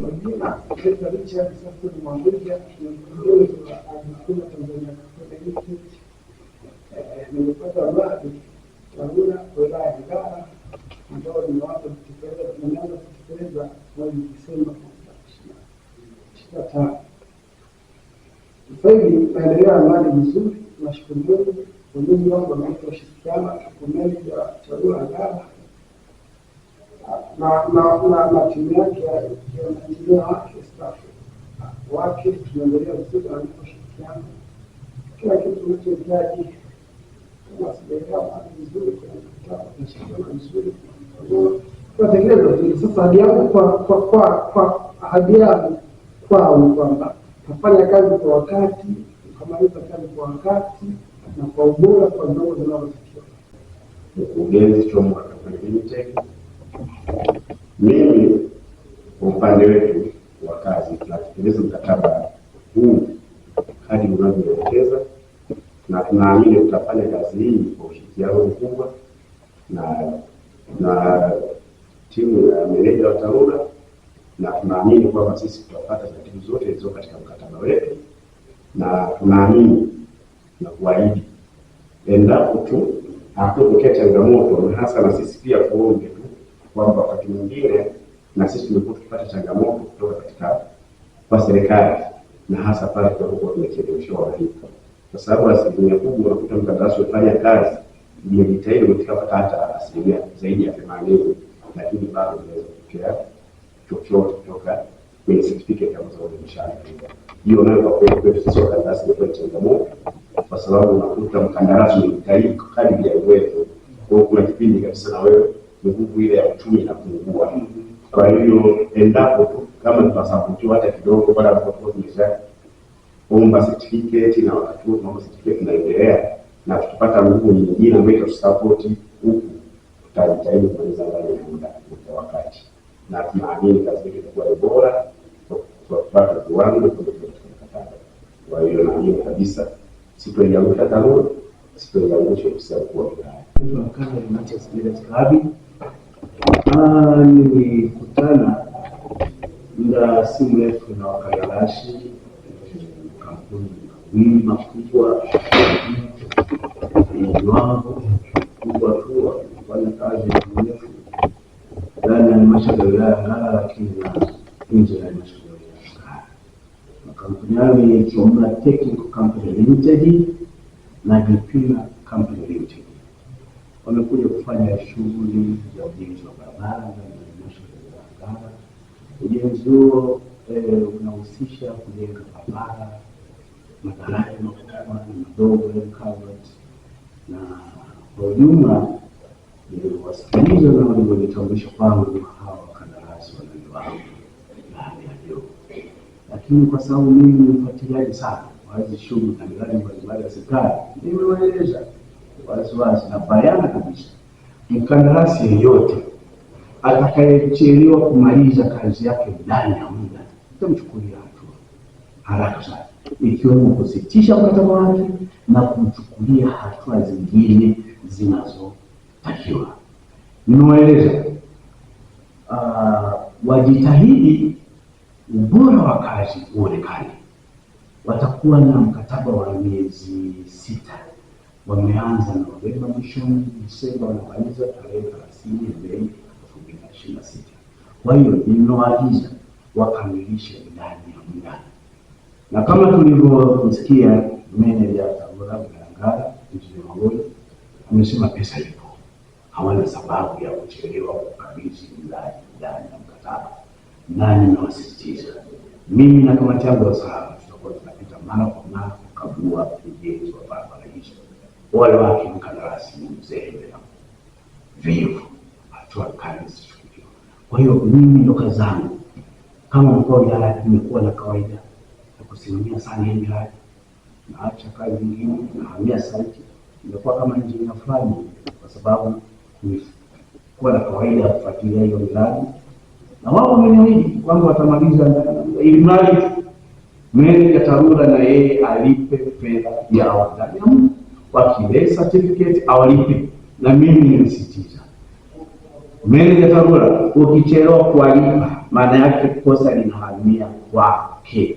Majina Profesa Richard Sasson Mwanguja ni mkurugenzi wa AGISTIMA Tanzania Kafuta Yuti. Nimepata habari TARURA wilaya ya Ngara ambao nimeanza kutekeleza tumeanza kutekeleza mwezi Disemba ishirini na tano. Sasa hivi maendeleo mradi mzuri, nashukuru Mungu. Mwenyezi wangu anaitwa Shirikiana, meneja wa Ngara na timu yake na wake staff wake, tunaendelea vizuri wanaposhirikiana kila kitu unachohitaji, kama sijaelewa bado vizuri, tunashirikiana vizuri, tunatekeleza vizuri. Sasa ahadi yangu kwa ahadi yangu kwao ni kwamba tafanya kazi kwa wakati, ukamaliza kazi kwa wakati na kwa ubora, kwa viwango vinavyotakiwa. Mkurugenzi Chomwa Limited wetu wa kazi tunatekeleza mkataba huu hadi unavyoelekeza, na tunaamini tutafanya kazi hii kwa ushirikiano mkubwa na na timu ya meneja wa TARURA, na tunaamini kwamba sisi tutapata taratibu zote zilizo katika mkataba wetu, na tunaamini na kuahidi endapo tu hakutokea changamoto, na hasa na sisi pia tuombe tu kwamba wakati mwingine na sisi tumekuwa tukipata changamoto kutoka katika kwa serikali na hasa pale tunapokuwa tunachelewesha wananchi, kwa sababu asilimia kubwa unakuta mkandarasi umefanya kazi umejitahidi umefika mpaka hata asilimia zaidi ya themanini, lakini bado inaweza kutokea chochote kutoka kwenye certificate ambazo wameshaanza. Hiyo nayo kwa kweli kwetu sisi wakandarasi imekuwa changamoto, kwa sababu unakuta mkandarasi umejitahidi kadri ya uwezo. Kwa hiyo kuna kipindi kabisa na wewe nguvu ile ya uchumi inapungua kwa hiyo endapo tu kama tutasapotiwa hata kidogo, baada ya kuwa tumesha tumeshaomba certificate na wakati huo tunaomba certificate tunaendelea na tukipata nguvu nyingine ambayo itatusapoti huku, tutajitahidi kumaliza ndani ya muda wa wakati, na tunaamini kazi yetu itakuwa ni bora kwa kupata viwango tunavyotakikana. Kwa hiyo naamini kabisa sitoiangusha TARURA, sitoiangusha ofisi ya mkuu wa wilaya. Nilikutana muda si mrefu na wakarabati kampuni wili makubwa yenye wangu kubwa tu wakifanya kazi mrefu ndani ya halmashauri ya Ngara, lakini na nje ya halmashauri ya Ngara. Makampuni hayo ni Kiomla Technical Company Limited na Jipina Company wamekuja kufanya shughuli za ujenzi wa barabara za halmashauri ya barabara. Ujenzi huo eh, unahusisha kujenga barabara, madaraja makubwa na madogo na kwa ujumla eh, wasikiliza na walivyojitambulisha kwangu hawa wakandarasi wananiwao na hali ya lakini kwa sababu mimi ni mfuatiliaji sana wa hizi shughuli na miradi mbalimbali ya serikali, nimewaeleza waziwazi na bayana kabisa, mkandarasi yeyote atakayechelewa kumaliza kazi yake ndani ya muda tutamchukulia hatua haraka sana, ikiwemo kusitisha mkataba wake na kumchukulia hatua zingine zinazotakiwa. Nimewaeleza uh, wajitahidi ubora wa kazi uonekane. Watakuwa na mkataba wa miezi sita wameanza na Novemba mwishoni, Disemba wanamaliza tarehe thelathini Mei elfu mbili na ishirini na sita. Kwa hiyo nimewaagiza wakamilishe ndani ya muda, na kama tulivyosikia meneja Tabora Mgalagala Injinia Mang'ola amesema pesa ipo, hawana sababu ya kuchelewa kukabidhi miradi ndani ya mkataba, na nimewasisitiza mimi na kamati yangu ya usalama tutakuwa tunapita mara kwa mara kukagua ujenzi wa barabara wale wake mkandarasi ni mzembe na vivu, hatua kali zichukuliwe. Kwa hiyo mimi ndo zangu kama mkuu wa wilaya, nimekuwa na kawaida ya kusimamia sana hii miradi, naacha kazi nyingine, nahamia sauti, imekuwa kama injinia fulani, kwa sababu kuwa na kawaida ya kufuatilia hiyo miradi, na wao wameniahidi kwamba watamaliza ili mradi meneja TARURA na yeye alipe fedha yao ya muda kwa kile certificate awalipe, na mimi nimesitiza meneja TARURA, ukichelewa kuwalipa maana yake kosa linahamia kwake.